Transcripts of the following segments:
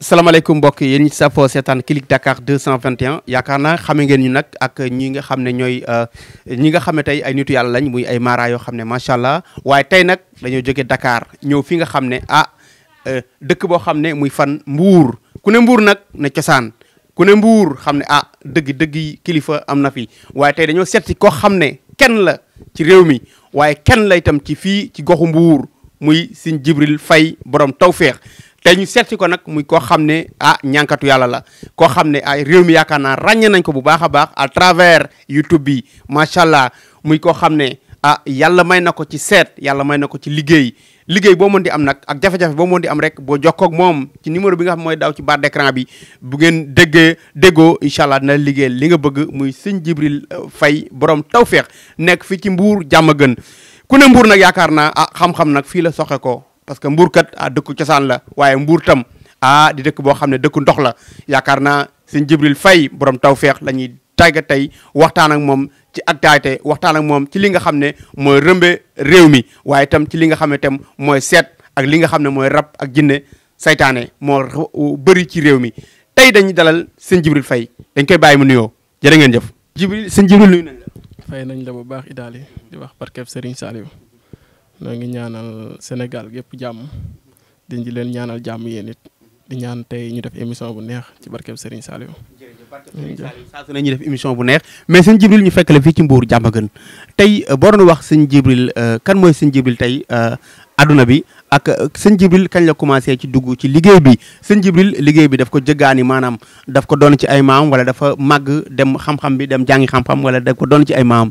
salaamaaleykum mbokk yéen ñi safoo seetaan Click Dakar 221 yaakaar naa xame ngeen ñu nag ak ñii nga xam ne ñooy euh, ñi nga xam tey ay nitu yàlla lañ muy ay maara yoo xam ne macha allah waaye tey nag dañoo jóge Dakar ñëw fi nga xam ne ah euh, dëkk boo xam ne muy fan mbuur ku ne mbuur nag ne cosaan ku ne mbuur xam ne ah dëgg dëgg kilifa am na fi waaye tey dañoo seet si koo xam ne kenn la ci réew mi waaye kenn la itam ci fii ci goxu mbuur muy Serigne Djibril fay borom tawféex te ñu seet si ko nag muy koo xam ne ah ñànkatu yàlla la koo xam ne ay réew mi yaakaar naa ràññee nañ ko bu baax a baax à travers YouTube bi macha allah muy koo xam ne ah yàlla may na ko ci seet yàlla may na ko ci liggéey liggéey boo mën di am nag ak jafe-jafe boo mën di am rek boo jokkoo ak moom ci numéro bi nga xam mooy daaw ci barre d'écran bi bu ngeen déggee déggoo incha allah dina liggéey li nga bëgg muy sëñ Jibril euh, Faye borom tawféex nekk fii ci mbuur jàmm gën ku ne Mbour nag yaakaar naa ah xam nag fii la soxe ko parce que mbuur kat ah dëkku cosaan la waaye mbuur tam ah di dëkk boo xam ne dëkku ndox la yaakaar naa sëñ Jibril Faye borom tawféex la ñuy tàgga tey waxtaan ak moom ci actualité waxtaan ak moom ci li nga xam ne mooy rëmbe réew mi waaye itam ci li nga xam ne tam mooy seet ak li nga xam ne mooy rab ak jinne seytaane moo bëri ci réew mi tey dañuy dalal sëñ Jibril Faye dañ koy bàyyi mu nuyoo jërë ngeen jëf. Jibril sëñ Jibril nuyu nañ la. fay nañ la bu baax Idaali di wax barkeeb Serigne Saliou. noo ngi ñaanal Sénégal yëpp jàmm di leen ñaanal jàmm yéen it di ñaan tey ñu def émission bu neex ci barkeb Serigne Saliou. jërëjëf barkeb ne ñu def émission bu neex mais sëñ Jibril ñu fekk la fii ci Mbour jàmm gën tey euh, boo doon wax sëñ Jibril euh, kan mooy sëñ Jibril tey euh, adduna bi ak sëñ Jibril kañ la commencé ci dugg ci liggéey bi sëñ Jibril liggéey bi daf ko jëggaani maanaam daf ko doon ci ay maam wala dafa màgg dem xam-xam bi dem jàngi xam-xam wala daf ko doon ci ay maam.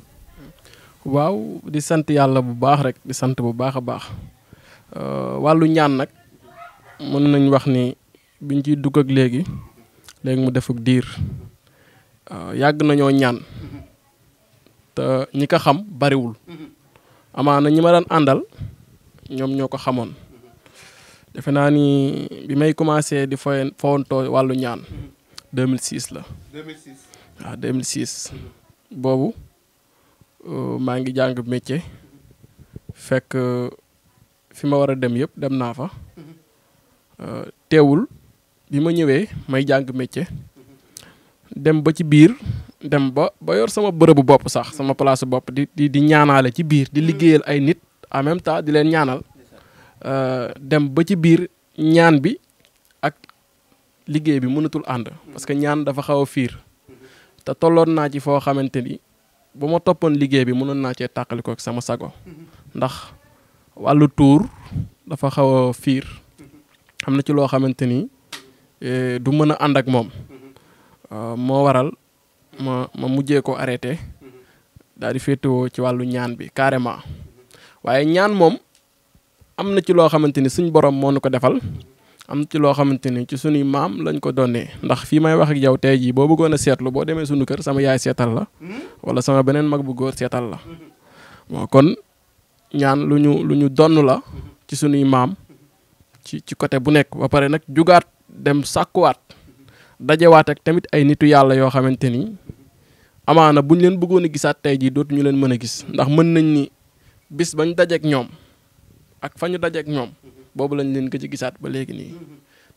waaw di sant yàlla bu baax rek di sant bu baax a baax euh, wàllu ñaan nag mën nañ wax ni biñ ciy dugg ak léegi léegi mu defuk diir euh, yàgg nañoo ñaan te ñi ko xam bariwul amaana ñi ma daan àndal ñoom ñoo ko xamoon defe naa ni bi may commencé di foy fowantoo wàllu ñaan 2006 la. 2006 waaw 2006 boobu. Euh, maa ngi jàng métier fekk euh, fi ma war a dem yëpp dem naa fa euh, teewul bi ma ñëwee may jàng métier dem ba ci biir dem ba ba yor sama bërëbu bopp sax sama place bopp di di di ñaanaale ci biir di liggéeyal ay nit en même temps di leen ñaanal dem ba ci biir ñaan bi ak liggéey bi mënatul ànd parce que ñaan dafa xaw fiir te tolloon naa ci foo xamante ni ba ma toppoon liggéey bi mënoon naa cee tàqaliko ak sama sago ndax wàllu tuur dafa xaw a fiir am na ci loo xamante ni eh, du mën a ànd ak moom euh, moo waral ma ma mujjee ko arrêté daal di féetewoo ci wàllu ñaan bi carrément waaye ñaan moom am na ci loo xamante ni suñ borom moo nu ko defal am ci loo xamante ni ci sunuy maam lañ ko donnee ndax fii may wax ak jaw tey jii boo bëggoon a seetlu boo demee sunu kër sama yaay seetal la wala sama beneen mag bu góor seetal la moo kon ñaan lu ñu lu ñu donn la ci sunuy maam ci ci côté bu nekk ba pare nag jugaat dem sàkkuwaat dajewaat ak tamit ay nitu yàlla yoo xamante ni amaana buñ leen bëggoon gisaat tey jii dootuñu leen mën a gis ndax mën nañ ni bis bañ dajeek ñoom ak fa ñu dajeek ñoom boobu lañ leen ko ci gisaat ba léegi nii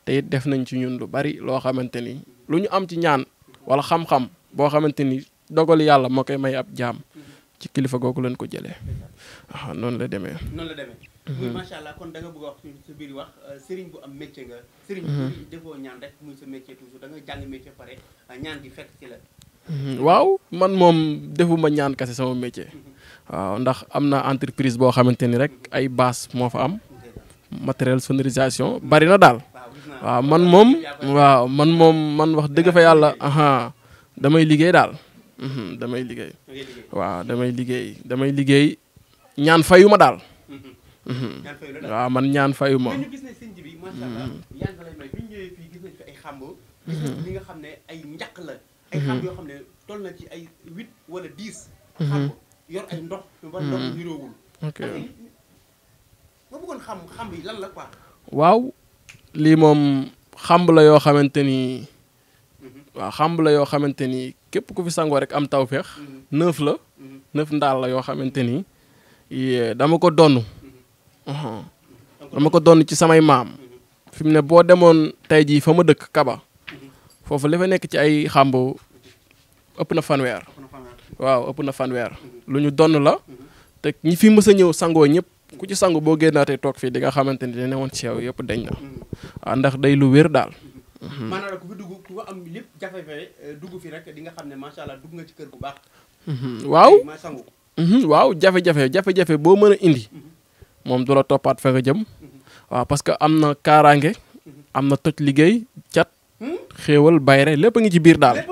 te def nañ ci ñun lu bari loo xamante ni lu ñu am ci ñaan wala xam-xam boo xamante ni dogal yàlla moo koy may ab jaam ci kilifa googu leen ko jëlee waaw noonu la demee. Mhm. kon da nga man moom defuma ñaan kese sama métier. Mhm. waaw ndax am na entreprise boo xamante ni rek ay baas moo fa am. matériel sonorisation bari na daal waaw man moom waaw man moom man wax dëgg fa yàlla damay liggéey daal mhm, damay liggéey waaw damay liggéey damay liggéey ñaan fayu ma daal mhm. waaw man ñaan fayu ma mhm. li nga xam ne ay ci ay ma bëggoon waaw lii moom xàmb la yoo xamante ni mhm. waaw xamb la yoo xamante ni képp ku fi sangoo rek am tawféex. Mhm. neuf la mhm. neuf ndaal la yoo xamante ni dama ko donn dama ko donn ci samay maam. fi mu ne boo demoon tey jii fa ma dëkk Kaba foofu li fa nekk ci ay xàmb ëpp na fanweer. waaw ëpp na fanweer. lu ñu donn la te ñi fi mës a ñëw sangoo ñépp ku ci sangu boo génnaatee toog fii di nga xamante ni dina newoon ci yow yëpp dañ na waaw ah, ndax day lu wér daal. Mhm. maanaam ku fi dugg ku eh, rek di nga xam ne macha allah dugg nga ci kër gu baax. Mhm. Mhm. waaw jafe-jafe jafe-jafe boo mën a indi. moom du la toppaat fa nga jëm. waaw parce que am na kaaraange. am na toj liggéey cat. Hmm? xéewal bayre lépp a ngi ci biir daal.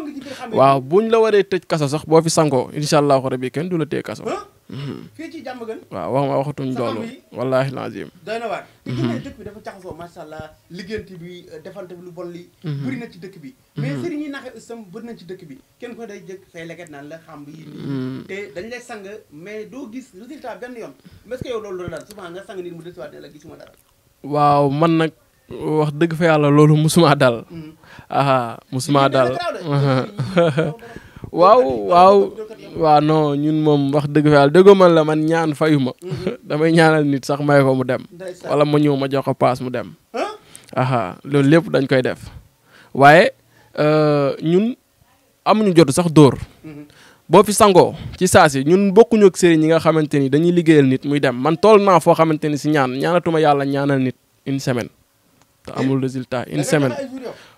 waaw buñ la waree tëj kaso sax boo fi sangoo incha allahu rabi kenn du la téye kaso. fii ci jàmm gën waaw wax ma waxatuñ loolu wallaahi laazim doy na waar te mhm. gis dëkk bi dafa jaxasoo macha allah liggéeyante bi euh, defante bi lu bon li mhm. bëri na ci dëkk bi mhm. mais sëriñ yi naxe ëstam bëri na ci dëkk bi kenn ko day jëkk say leget naan la xam yi nii te dañ lay sang mais doo gis résultat benn yoon est-ce que yow loolu la daal souvent nga sang nit mu desiwaat ne waaw man nag wax dëgg fa yàlla loolu musuma dal aha musuma daal waaw waaw waaw non ñun moom wax dëgg fa yàlla déggoo man la man ñaan fayu ma mhm. damay ñaanal nit sax may ko mu dem wala ma ñëw ma jox ko paas mu dem aha loolu lépp dañ koy def waaye euh, ñun amuñu jot sax dóor mhm. boo fi sangoo ci saa si ñun bokkuñu ak sëriñ yi nga xamante ni dañuy liggéeyal nit muy dem man tool naa foo xamante ni si ñaan ñaanatuma yàlla ñaanal nit une semaine te amul eh? résultat une semaine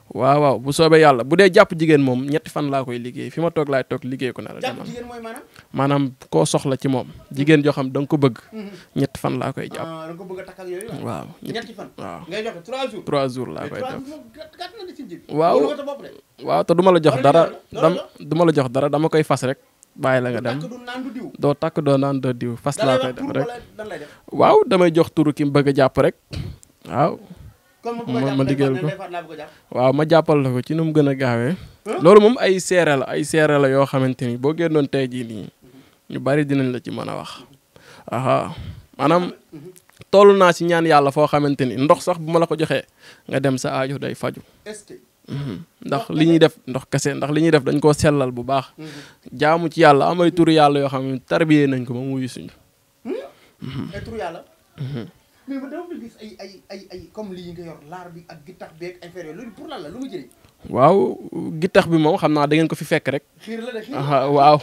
waaw waaw bu soobee yàlla bu dee jàpp jigéen moom ñetti fan laa koy liggéey fi ma toog laay toog liggéey ko na la jàpp maanaam koo soxla ci moom jigéen joo xam da nga ko bëgg mhm. ñetti fan laa koy jàpp ah, bëgg a takk waaw jours trois jours laa koy te du ma la jox dara dam du ma la jox dara dama koy fas rek bàyyi la nga dem doo takk doo naan doo diw fas laa koy def rek waaw damay jox turu kim bëgg a jàpp rek waaw ma ma digal ko waaw ma jàppal la ko ci nu mu gën a gaawee. loolu moom ay seere la ay seere la yoo xamante ni boo génnoon tey jii nii ñu bari dinañ la ci mën a wax. aha maanaam naa si ñaan yàlla foo xamante ni ndox sax bu ma la ko joxee nga dem sa aaju day faju mhm. ndax li ñuy def ndox kese ndax li ñuy def dañ koo sellal bu baax. Mhm. jaamu ci yàlla amay turu yàlla yoo xam ne tarbiyee nañ ko ba mu wuyu suñu. Hmm? Mhm. mais ma bi ak waaw gittax bi moom xam naa dangeen ko fi fekk rek. xiir waaw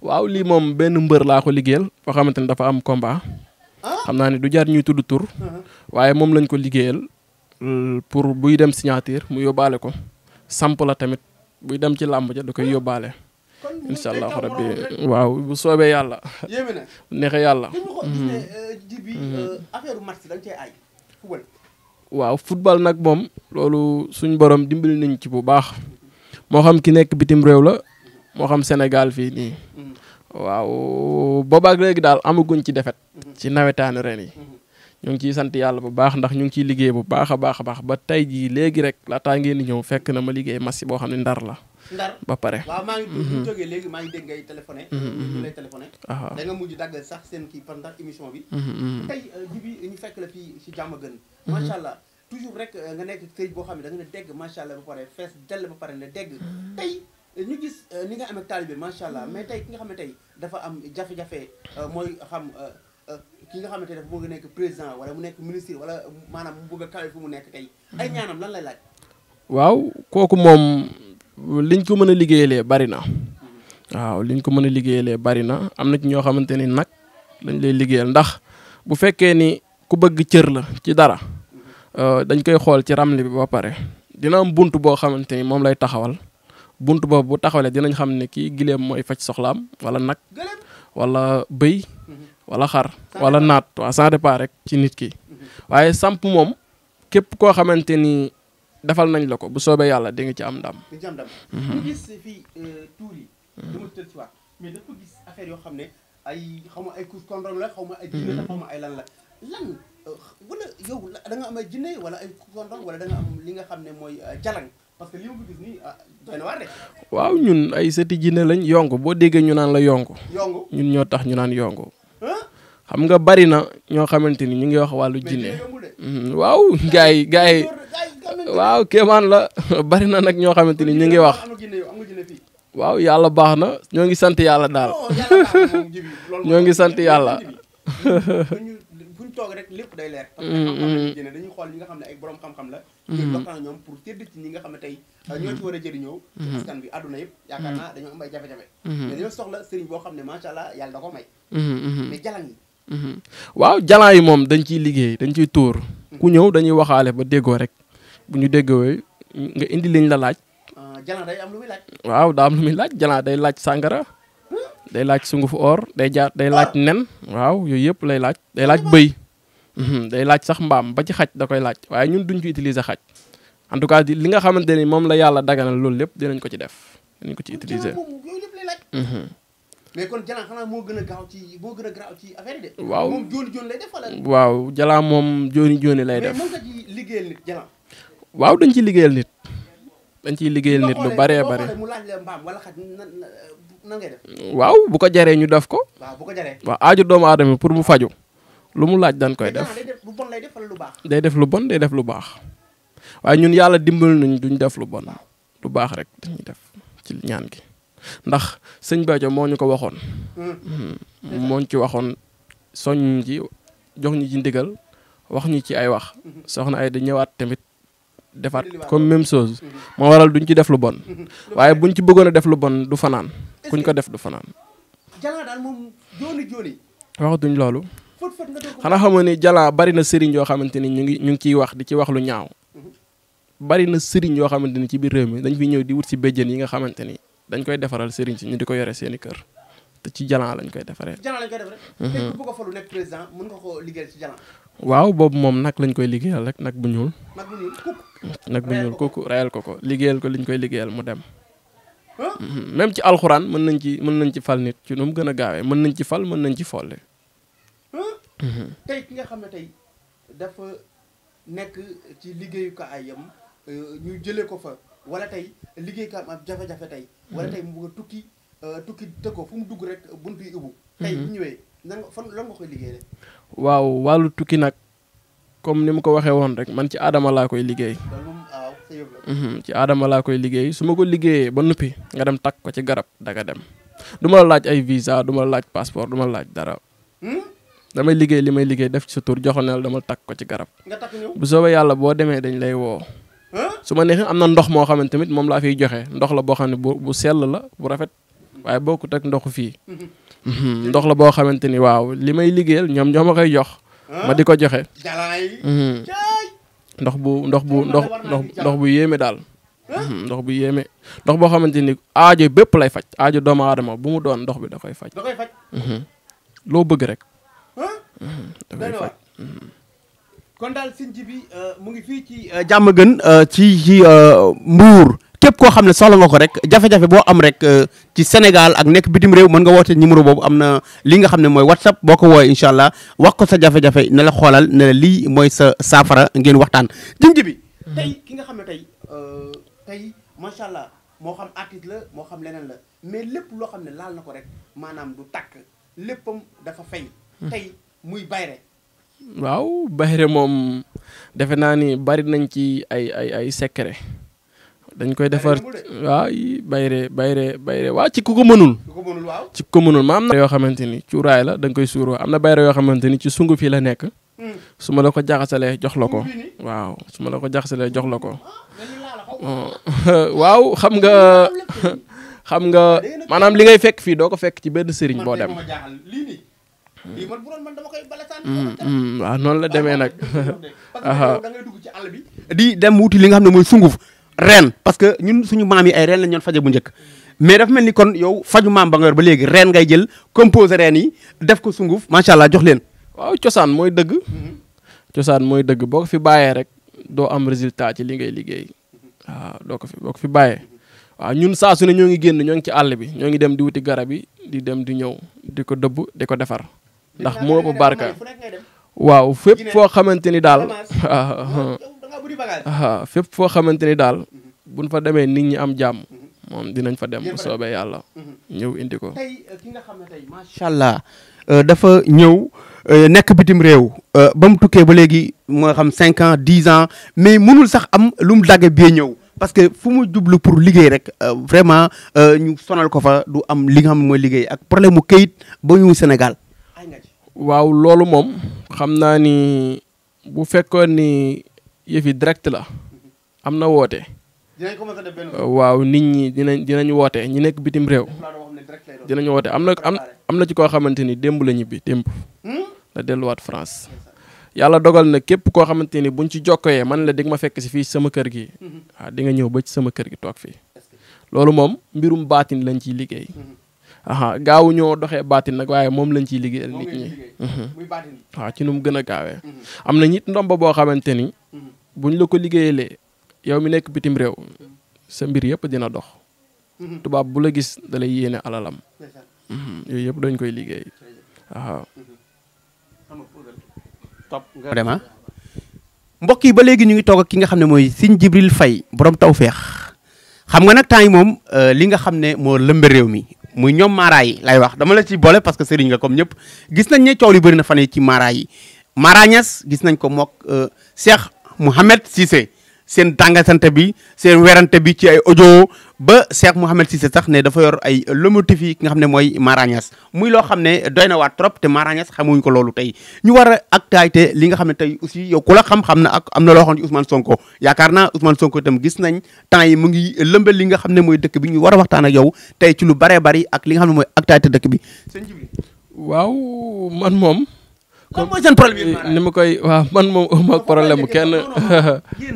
waaw. lii moom benn mbër laa ko liggéeyal boo xamante ne dafa am combat. Ah? xam naa ne du jar ñuy tudd tur. waaye moom lañ ko liggéeyal euh, pour buy dem signature mu yóbbaale ko samp la tamit buy dem ci làmb ja da koy yóbbaale. incha allahu rabbi waaw bu soobee yàlla. yéeme neexee yàlla. Mm-hmm. Euh, euh, mm-hmm. waaw football nag moom loolu suñu borom dimbali nañ ci bu baax moo xam ki nekk bitim réew la moo xam Sénégal fii nii mm-hmm. waaw boobaak léegi daal amaguñ ci defet ci nawetaanu ren yi ñu ngi ciy sant yàlla bu baax ndax ñu ngi ciy liggéey bu baax a baax baax ba tey jii léegi rek laataa ngeen di ñëw fekk na ma liggéey match boo xam ne ndar la ndar ba pare waaw maa ngi mhm. jógee léegi maa ngi dégg ngay téléphoné mhm, mhm. ñu lay téléphoné da nga mujj dagg sax seen kii par ndax émission bi tey euh, jibi ñu fekk la fii si jàmm gën macha allah toujours rek euh, nga nekk sëy boo xam ne da nga ne dégg macha allah ba pare fees dell ba pare ne dégg tey euh, macha allah mais tey ki nga xam ne tey dafa am jafe-jafe mooy xam ki nga xamante ne dafa bëgg a nekk président wala mu nekk ministre wala maanaam mu bëgg a kawe fu mu nekk tey ay ñaanam lan lay laaj waaw kooku moom ñu ko mën a liggéeyalee bari na li liñ ko mën a liggéeyalee bari na am na ci ñoo xamante ni nag dañ lay liggéeyal ndax bu fekkee ni ku bëgg cër la ci dara euh, dañ koy xool ci ramli bi ba pare dina am bunt boo xamante ni moom lay taxawal bunt boobu bu taxawalee dinañ xam ne kii gileem mooy faj soxlaam wala nag wala bëy wala xar wala naat waaw ça dépend rek ci nit ki mhm. waaye samp moom képp koo xamante defal nañ la ko bu soobee yàlla di ci am ndam. di am ndam. Mhm. gis fii euh, tuur yi. Mhm. dama tël ci waat mais dafa gis affaire yoo xam ne ay xaw ay couche la xaw ma ay jinne mhm. ay lan la lan euh, wala yow da nga am ay jinne wala ay couche condom wala am li nga xam ne mooy euh, jalang parce que li ah, waaw ñun ay sëti jinne lañ yongu boo déggee ñu naan la yongu. yongu ñun ñoo tax ñu naan yongu. xam nga bari na ñoo xamante ni ñu ngi wax wàllu jinne mm-hmm. waaw gars yi yi waaw kéemaan la bari na nag ñoo xamante ni ñu ngi wax waaw yàlla baax na ñoo ngi sant yàlla daal ñoo ngi sant yàlla. buñ toog rek lépp day leer. Mm-hmm. dañuy xool ñi nga xam ne ay borom xam-xam la. Mm-hmm. ñu waxtaan pour tëdd ñi nga xam ne tey. ñoo ci war a jëriñoo. askan bi àdduna yëpp. naa dañoo am ay jafe-jafe. boo xam ne macha allah yàlla da ko may. waaw jalaa yi moom dañ ciy liggéey dañ ciy tuur ku ñëw dañuy waxaale ba déggoo rek bu ñu déggoo nga indi liñ la laaj. Ah, jalan day am waaw daa am lu muy laaj jalaa day laaj sàngara day laaj sungufu or day jaar day laaj nen waaw yooyu yëpp lay laaj day laaj bëy mhm, day laaj sax mbaam ba ci xaj da koy laaj waaye ñun duñ ci utiliser xaj en tout cas li nga xamante ni moom la yàlla dagana loolu lépp dinañ ko ci def dañ ko ci utiliser. mais kon Jalla xanaa moo gën a gaaw ci moo gën a gaaw ci affaire waaw moom waaw Jalla moom jooni jooni lay def. mais waaw dañ ci liggéeyal nit. dañ ciy liggéeyal nit lu baree bare. mu laaj mbaam wala xaj nan waaw bu ko jaree ñu def ko. waaw bu ko jaree. waaw aaju doomu aadama pour mu faju lu mu laaj dañ koy def lu baax. day def lu bon day def lu baax waaye ñun yàlla dimbal nañ duñ def lu bon lu baax rek dañuy def ci ñaan gi. ndax sëñ Béthio moo ñu ko waxoon. Mm. moo ñu ci waxoon soññ ji jox ñu ci ndigal wax ñu ci ay wax. Mm-hmm. soxna ay da ñëwaat tamit defaat comme même sos mm-hmm. moo waral duñ ci def lu bon. Mm-hmm. waaye buñ ci bëggoon def lu bon du fanaan kuñ ko def du fanaan. Jalla daal moom jooni jooni. waxatuñ loolu. xanaa xamoon ni Jalla bari na sëriñ yoo xamante ni ñu ngi ñu ngi ciy wax di ci wax lu ñaaw. bari na sëriñ yoo xamante ni ci biir réew mi dañ fi ñëw di wut si béjjén yi nga xamante dañ koy defaral sëriñ si ñu di ko yore seeni kër te ci jalan lañ koy defaree. jalan lañ koy defaree. Mhm. a mën nga koo liggéeyal ci waaw boobu moom nag lañ koy liggéeyal rek nag bu ñuul. nag bu ñuul kuk. nag bu ñuul kuk rayal ko ko liggéeyal ko liñ koy liggéeyal mu dem. Mhm. même ci alxuraan mën nañ ci mën nañ ci fal nit ci nu mu gën a gaawee mën nañ ci fal mën nañ ci foole mhm. tey ki nga xam ne euh, jëlee ko fa. wala tey liggéeykat am tukki euh, tukki dëkkoo fu mu dugg rek mhm. waaw wàllu tukki nag comme ni mu ko waxee woon rek man ci aadama laa koy liggéey mhm, ci aadama laa koy liggéey su ma ko liggéeyee ba nuppi nga dem takk ko ci garab danga dem du la laaj ay visa duma la laaj passeport duma laaj dara hmm? damay liggéey li may liggéey def ci sa tur joxoneel dama takk ko ci garab bu soobee yàlla boo demee dañ lay woo su ma neexee am na ndox moo xamante tamit moom laa fiy joxe ndox la boo xam ne bu bu sell la bu rafet waaye bokkut ak ndoxu fii ndox la boo xamante ni waaw li may liggéeyal ñoom ñoo ma koy jox ma di ko joxe mhm. ndox bu ndox bu ndox ndox bu yéeme daal mhm, ndox bu yéeme ndox boo xamante ni aajo bépp lay faj aajo doomu aadama bu mu doon ndox bi da koy faj mhm. loo bëgg rek kon daal sëñ ji bi mu ngi fii ci euh, jàmm gën euh, ci ci euh, mbuur képp koo xam ne soxla nga ko rek jafe-jafe boo am rek ci Sénégal ak nekk bitim réew mën nga woote numéro boobu am na li nga xam ne mooy whatsapp boo ko woowee incha allah wax ko sa jafe-jafe ne xoolal ne lii mooy sa saafara ngeen waxtaan sëñ ji bi tey ki nga xam ne tey tey macha allah moo xam artiste la moo xam leneen la mais lépp loo xam ne laal na ko rek maanaam du takk léppam dafa fay mm-hmm. tey muy bayre waaw Bahire moom defe naa ni bari nañ ci ay ay ay secret dañ koy defar waaw Bahire Bahire Bahire waaw ci ku ko mënul. ci ku ko mënul ma am na. yoo xamante ni cuuraay la dañ koy suuroo am na Bahire yoo xamante ni ci sungu fii la nekk. Hmm. su ma la ko jaxasalee jox la ko. waaw suma la ko jaxasalee jox la ko. Ah, waaw xam nga xam nga maanaam li ngay fekk fii doo ko fekk ci benn sëriñ boo dem. lii man mm, mm, noonu la demee nag. di dem wuti li nga xam ne mooy sunguf reen parce que ñun suñu maam yi ay reen lañ ñoon faje bu njëkk. mais dafa mel ni kon yow faju maam ba nga yor ba léegi reen ngay jël composé reen yi def ko sunguf macha allah jox leen. waaw cosaan mooy dëgg. Mm-hmm. cosaan mooy dëgg boo ko fi bàyyee rek doo am résultat ci li ngay liggéey mm-hmm. waaw doo ko fi boo ko fi bàyyee. waaw ñun saa su ne ñoo ngi génn ñoo ngi ci àll bi ñoo ngi dem di wuti garab yi di dem di ñëw di ko dëbb di ko defar. ndax moo ëpp barka waaw ah, ah, ah. fépp foo xamante ni daal fépp foo xamante ni daal buñ fa demee nit ñi am jàmm mhm. moom dinañ fa dem bu soobee yàlla mhm. ñëw indi ko. tey euh, allah euh, dafa ñëw euh, nekk bitim réew ba mu tukkee ba léegi moo xam 5 ans 10 ans mais mënul sax am lu mu dagge bee ñëw parce que fu mu jublu pour liggéey rek vraiment ñu sonal ko fa du am li nga xam mooy liggéey ak problème mu këyit ba ñëw Sénégal. waaw loolu moom xam naa ni bu fekkoon ni yëfi direct la am na woote. waaw nit ñi dinañ dinañ woote ñi nekk bitim réew. dinañ woote am na am am na ci koo xamante ni démb la ñibbi démb. la hmm? delluwaat France. yàlla dogal na képp koo xamante ni buñ ci jokkoyee man la dig ma fekk si fii sama kër gi. Hmm. waaw di nga ñëw ba ci sama kër gi toog fii. loolu moom mbirum baatin lañ ciy liggéey. Hmm. aha gaawu ñoo doxee baatin nag waaye moom lañ ciy liggéeyal nit ñi mhm. waaw ci nu mu gën a gaawee mhm. am na ñit ndomba boo xamante ni mhm. buñ la ko liggéeyalee yow mi nekk bitim réew sa mbir yëpp dina dox tubaab bu la gis da lay yéene alalam yooyu yëpp dañ koy liggéey waaw top yi ba léegi ñu ngi toog ak ki nga xam ne mooy Serigne Djibril Faye borom tawféex xam nga nag temps yi moom euh, li nga xam ne moo lëmbe réew mi muy ñoom maara yi lay wax dama la ci boole parce que sëriñ nga comme ñëpp gis nañ ne coow li bëri na fan yi ci maara yi maara ñas gis nañ ko mook euh, Cheikh Mouhamed Cissé seen tàngasante bi seen werante bi ci ay ojo ba Cheikh Mouhamed Cissé sax ne dafa yor ay lomotif yi ki nga xam ne mooy marañas muy loo xam ne doy na waat trop te marañas xamuñ ko loolu tey ñu war a actualité li nga xam ne tey aussi yow ku la xam-xam na ak am na loo xam ne Ousmane Sonko yaakaar naa Ousmane Sonko itam gis nañ temps yi mu ngi lëmbal li nga xam ne mooy dëkk bi ñu war a waxtaan a yow tey ci lu baree bari ak li nga xam ne mooy actualité dëkk bi sëñ Jibril waaw man moom lan mooy seen euh, ni ma koy waaw man moom am problème mu kenn.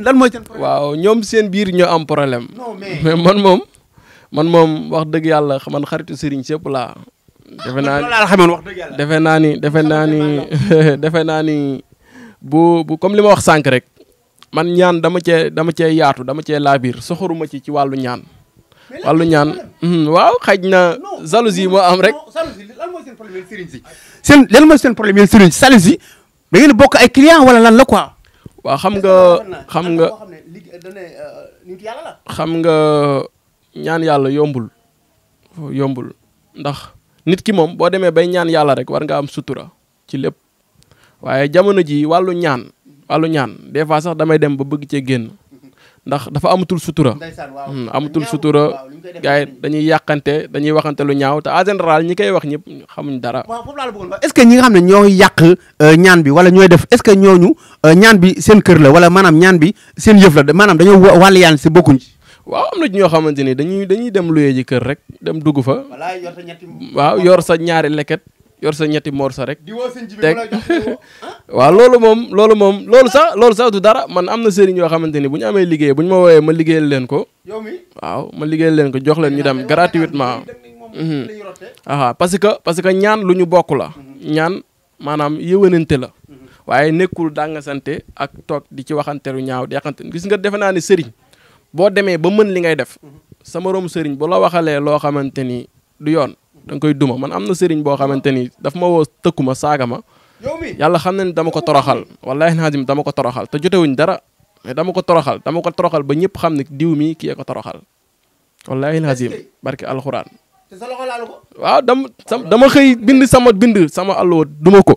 lan mooy seen waaw ñoom seen biir ñoo am problème. mais man moom. man moom wax dëgg yàlla man xaritu sëriñ sépp laa. defe naa ni defe naa ni defe naa ni defe naa ni bu bu comme li ma wax sànq rek. man ñaan dama cee dama cee yaatu dama cee laabiir soxoruma ci ci wàllu ñaan. wàllu ñaan. Hmm, waaw xaj na jalousie moo am rek. lan mooy seen problème yéen sëriñ si. seen ngeen bokk ay client wala lan la quoi. waaw xam nga xam nga euh, xam nga ñaan yàlla yombul yombul ndax nit ki moom boo demee bay ñaan yàlla rek war nga am sutura ci lépp waaye jamono ji wàllu ñaan wàllu ñaan des fois sax damay dem ba bëgg cee génn ndax dafa amatul sutura hmm, amatul sutura gars yi dañuy yàqante dañuy waxante lu ñaaw te en général ñi koy wax ñëpp xamuñ dara waaw foofu laa est-ce que ñi nga xam ne ñoo yàq euh, ñaan bi wala ñooy def est-ce que ñooñu euh, ñaan bi seen kër la wala maanaam ñaan bi seen yëf la maanaam dañoo wàll yaan si bokkuñ ci waaw am na ñoo xamante ni dañuy dañuy dem luyee ji kër rek dem dugg fa waaw yor sa ñaari leket yor sa ñetti morsa rek. teg ah. waaw loolu moom loolu moom loolu sax loolu sax du dara man am na sëriñ yoo xamante ni bu ñu amee liggéey bu ñu ma woowee ma liggéeyal leen ko. waaw ma liggéeyal leen ko jox leen ñu dem gratuitement. ah parce que parce que ñaan lu ñu bokk la. Mhm. ñaan maanaam yëwënante la. Mhm. waaye nekkul daa nga sante ak toog di ci waxanteelu ñaaw di waxante gis nga defe naa ne sëriñ boo demee ba mën li ngay def. sama moroom sëriñ bu la waxalee loo xamante ni du yoon. da nga koy duma man am na sëriñ boo xamante ni daf ma woo tëkku ma saaga ma yàlla xam na ne dama ko toroxal wallahi naajim dama ko toroxal te jotewuñ dara dama ko toroxal dama ko toroxal ba ñëpp xam ne diw mi ki yee ko toroxal wallahi naajim barke alxuraan waaw dama dama xëy bind sama bind sama alluwa duma ko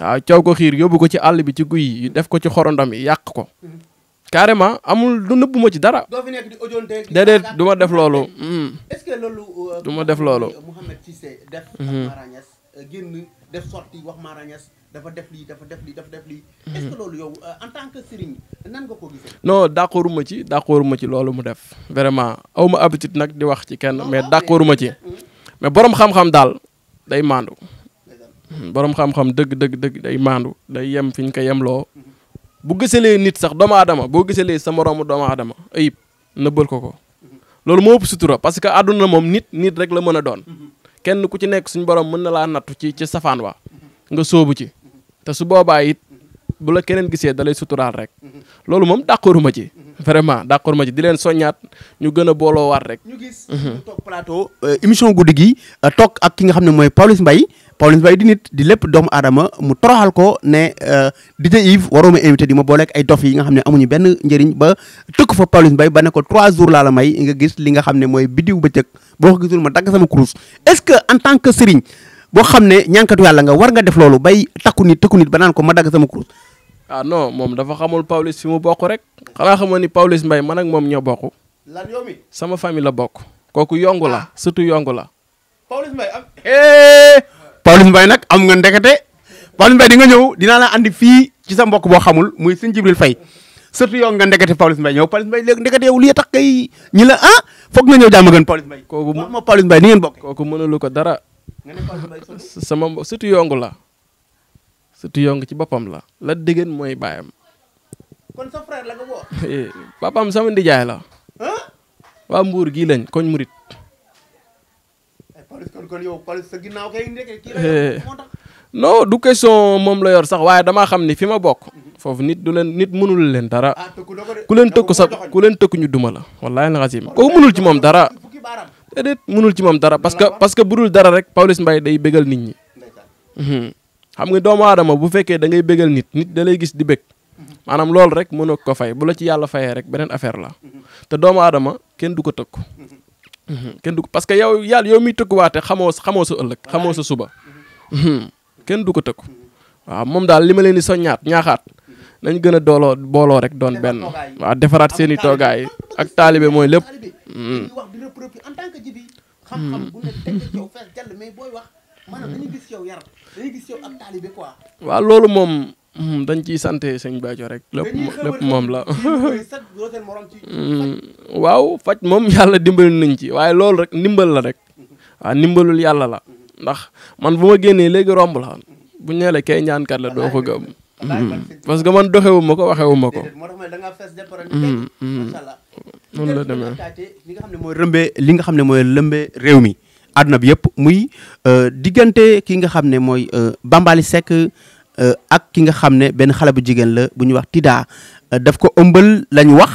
waaw coow ko xiir yóbbu ko ci àll bi ci guy yi def ko ci xorondom yi yàq ko mm-hmm. carrément amul du nëbbu ma ci dara. doo fi nekk di audience. déedéet du ma def loolu. Mm. est-ce que loolu. Euh, du ma def loolu. Mouhamed euh, Cissé def. Mm-hmm. Mara Niass euh, génn def sorti wax Mara Niass dafa def lii dafa def lii dafa def lii. Mm-hmm. est-ce que loolu yow en tant que sëriñ nan nga ko gisee. non d'accord ma ci d'accord ma ci loolu mu def vraiment aw ma habitude nag di wax ci kenn mais d'accord ma ci. mais borom xam-xam daal day maandu. Mm, borom xam-xam dëgg dëgg dëgg day maandu day yem fi ñu ko yemloo. Mm-hmm. bu lee nit sax doomu aadama boo gësalee sa moroomu doomu adama ayib nëbbal ko ko loolu moo ëpp sutura parce que àdduna moom nit nit rek la mën a doon kenn ku ci nekk suñu borom mën na laa nattu ci ci safaan wa nga sóobu ci te su boobaa it bu la keneen gisee da lay suturaal rek loolu moom d'accord ma ci vraiment d'accord ma ci di leen soññaat ñu gën a booloo waat rek. ñu euh, émission guddi gi euh, toog ak ki nga xam ne mooy Pawlish mbay Pawlish Mbaye di nit di lépp doomu aadama mu toroxal ko ne euh, DJ Yves waroo ma invité di ma booleeg ay dof nga xam ne amuñu benn njëriñ ba tëkk fa Pawlish Mbaye ba ne ko trois jours laa la may nga gis li nga xam ne mooy biddiw bëccëg boo ko gisul ma dagg sama kurus est-ce que en tant que sëriñ boo xam ne ñànkatu yàlla nga war nga def loolu bay takku nit takku nit ba naan ko ma dagg sama kurus ah non moom dafa xamul Pawlish fi mu bokk rek xanaa xamoon ni Pawlish Mbaye man ak moom ñoo bokk lan yow mi sama famille la bokk kooku yongu la ah. surtout yongu la Pawlish Mbaye eh! Pawlish Mbaye nag am nga ndekete Pawlish Mbaye di nga ñëw dinaa la andi fii ci sa mbokk boo xamul muy sëñ Jibril fay surtout yow nga ndekete Pawlish Mbaye ñëw Pawlish Mbaye léegi ndekete yow lii tax kay ñi la ah foog na jàmm gën Pawlish Mbaye kooku moom Pawlish Mbaye ni ngeen bokk kooku mënalu ko dara sama mbokk surtout yongu la surtout yongu ci boppam la la déggéen mooy baayam kon sa la eh, sama ndijaay la waa mbuur gii lañ koñ murit police kon kon yow sa ginnaaw kay indi kii eh. du question moom la yor sax waaye damaa xam ni fi ma bokk foofu nit du leen nit mënul leen dara ah, ku leen tëkku sa ku leen tëkku ñu duma la wallaahi la xasim kooku mënul ci moom dara déedéet mënul ci moom dara parce que parce que bu dul dara rek Pawlish Mbaye day bégal nit ñi hmm. xam nga doomu aadama bu fekkee da ngay bégal nit nit da lay gis di bég maanaam loolu rek mënoo ko fay bu la ci yàlla fayee rek beneen affaire la hmm. te doomu aadama kenn du ko tëkku hmm. Mhm. kenn du parce que yow yàlla yow miy tëkkuwaate xamoo xamoo sa ëllëg xamoo sa suba mhm. kenn du ko tëkku waaw moom daal li ma leen di soññaat ñaaxaat nañ gën a dooloo booloo rek doon benn waaw defaraat seen i toogaay ak taalibe mooy lépp mhm. waaw loolu moom Hmm, dañ ciy sante sëñ Bàcco rek lépp lépp moom la hmm, waaw faj moom yàlla dimbali nañ ci waaye loolu rek ndimbal la rek waaw ndimbalul yàlla la ndax man bu ma génnee léegi romb la bu le kay ñaankat la doo ko hmm, parce que man doxewu ma ko waxewu ma ko noonu la demee li nga xam ne mooy rëmbee li nga xam ne mooy lëmbee réew mi na bi yëpp muy euh, diggante ki nga xam ne mooy euh, bambali Seck ak ki nga xam ne benn xale bu jigéen la bu ñuy wax Tida euh, daf ko ëmbal lañu wax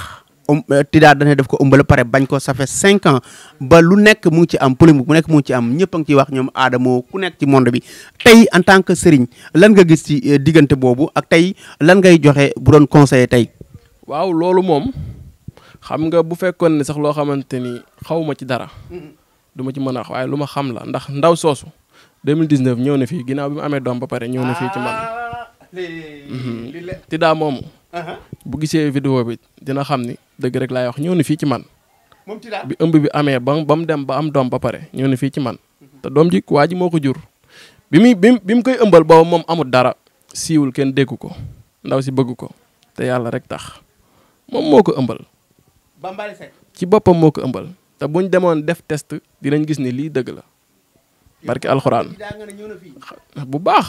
euh, Tida dañ daf ko ëmbal pare bañ ko safee fait cinq ans ba lu nekk mu ngi ci am polémique bu nekk mu ngi ci am ñëpp ngi ciy wax ñoom Adamo ku nekk ci monde bi tey en tant que sëriñ lan nga gis ci euh, diggante boobu ak tey lan ngay joxe bu doon conseiller tey. waaw loolu moom xam nga bu fekkoon ne sax loo xamante ni xawuma ci dara. du ci mën a wax waaye lu ma xam la ndax ndaw soosu. 2019 ñëw na fii ginnaaw bi mu amee doom ba pare ñëw na fii ci man. Mhm. Tida uh-huh. bu gisee vidéo bi dina xam ni dëgg rek laay wax ñëw na fii ci man. bi ëmb bi amee ba ba mu dem ba am doom ba pare ñëw na fii ci man. Mhm. te doom ji waa ji moo ko jur. bi muy bi mu koy ëmbal boobu moom amul dara siiwul kenn dégg ko ndaw si bëgg ko te yàlla rek tax moom moo ko ëmbal. Bambaly ci boppam moo ko ëmbal te buñ demoon def test dinañ gis ni lii dëgg la. barke alxuraan bu baax.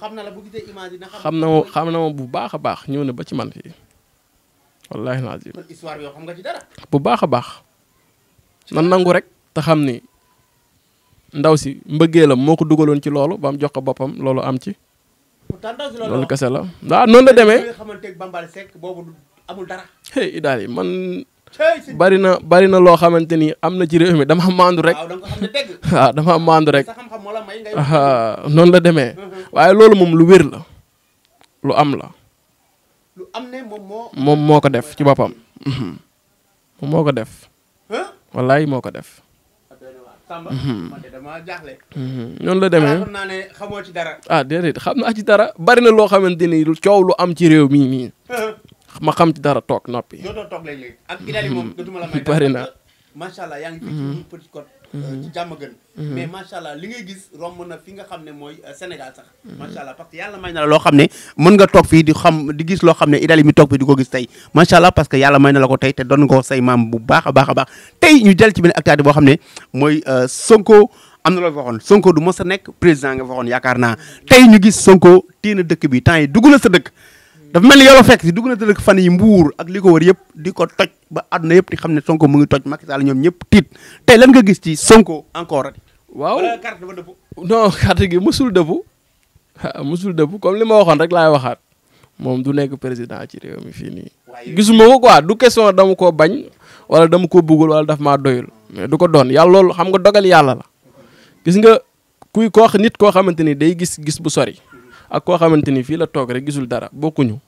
xam na ma xam na ma bu baax baax ñëw na ba ci man fii wallaahi naa ji bu baax a baax. nan nangu rek te xam ni ndaw si la moo ko dugaloon ci loolu ba mu jox ko boppam loolu am ci. loolu kese la waaw noonu la demee. amul dara. hey Idaly man. bari na bari na loo xamante ni am na ci réew mi dama maandu rek waaw ah, dama maandu rek ah, noonu la demee mm-hmm. waaye loolu moom lu wér la lu am la moom moo ko def ci boppam mm-hmm. moo ko def wallaay moo ko def mm-hmm. noonu la demee ah déedéet xam naa ci dara bari na loo xamante ni coow lu am ci réew mii nii ma xam ci dara toog noppi. dootoo toog léeg-léeg hmm. na macha allah yaa ngi fi ci hmm. hmm. euh, mais macha allah li ngay gis romb na fi nga xam ne mooy euh, Sénégal sax macha yàlla may na la loo xam ne mën nga toog fii di xam di gis loo xam ne Idali mi toog fii di ko gis tey macha allah parce que yàlla may na la ko tey te doon nga say maam bu baax a baax a baax tey ñu jël ci bi benn actualité boo xam ne mooy euh, Sonko am na loo waxoon Sonko du mos sa nekk président nga waxoon yaakaar naa tey ñu gis Sonko tii na dëkk bi temps yi dugg na sa dëkk dafa mel ni yow fekk si dugg na dëkk fan yi mbuur ak li ko wër yëpp di ko toj ba àdduna yëpp di xam ne Sonko mu ngi toj Macky Sall ñoom ñëpp tiit tey lan nga gis ci Sonko encore. waaw carte dafa dëpp. non carte gi mësul dëpp mësul dëpp comme li ma waxoon rek laay waxaat moom du nekk président ci réew mi fii nii. gisuma ko quoi du question dama koo bañ wala dama koo bëggul wala daf maa doyul mais du ko doon yàlla loolu xam nga dogal yàlla la gis nga kuy koo nit koo xamante ni day gis gis bu sori. ak koo xamante ni fii la toog rek gisul dara bokkuñu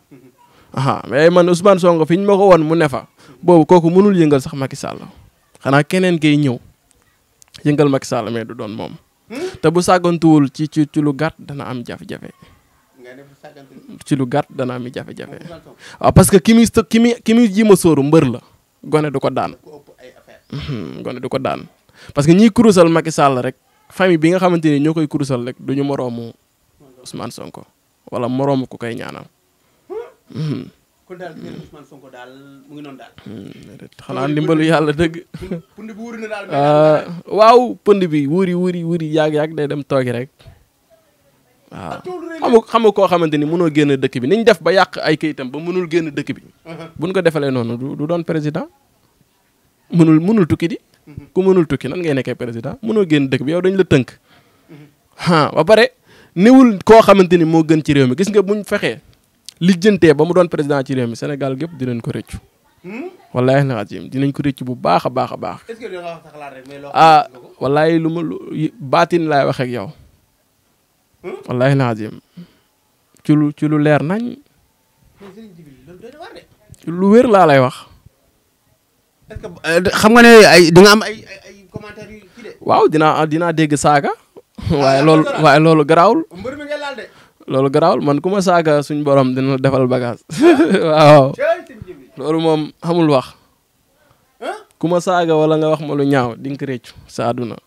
aha mais man Ousmane Sonko fi ñu ma ko woon mu ne fa boobu kooku mënul yëngal sax Macky Sall xanaa keneen kay ñëw yëngal Macky Sall du doon moom hmm? te bu sàggantuwul ci ci ci lu gàtt dana am jafe-jafe ci lu gàtt dana am jafe-jafe ah, parce que ki muy ki muy ji ma sóoru mbër la gone du ko daan mhm, gone du ko daan parce que ñiy kurusal Macky Sall rek famille bi nga xamante ni ñoo koy kurusal rek duñu moroomu Ousmane Sonko wala moroomu ku koy ñaanal. Hmm. kon daal mu ngi noonu daal. Hmm, xanaa ndimbalu yàlla dëgg. pënd bi wóor ah, na daal. waaw pënd bi wóor yi wóor yi wóor yi yàgg yàgg day dem toogi rek. waaw ah, xamu koo xamante ni mënoo génn dëkk bi niñ def ba yàq ay kayitam ba mënul génn dëkk bi. Uh-huh. buñ ko defalee noonu du doon président. mënul mënul tukki di. Uh-huh. ku mënul tukki nan ngay nekkee président mënoo génn dëkk bi yow dañ la tënk. Uh-huh. ba pare. néewul koo xamante ni moo gën ci réew mi gis nga buñ fexee lijjantee ba mu doon président ci réew mi Sénégal gépp dinañ ko rëccu. Hmm? wallaahi na azim dinañ ko rëccu bu baax a baax a baax. est-ce que da wax ah, yow. Hmm? wallaahi na azim ci lu ci lu leer nañ. lu wér laa lay wax. Euh, xam nga ne ay am ay dinaa dinaa dégg saaga. waaye loolu waaye loolu garaawul. loolu garaawul man ku ma saaga suñ borom dina defal bagage waaw loolu moom xamul wax ku ma saaga wala nga wax ma lu ñaaw di nga sa àdduna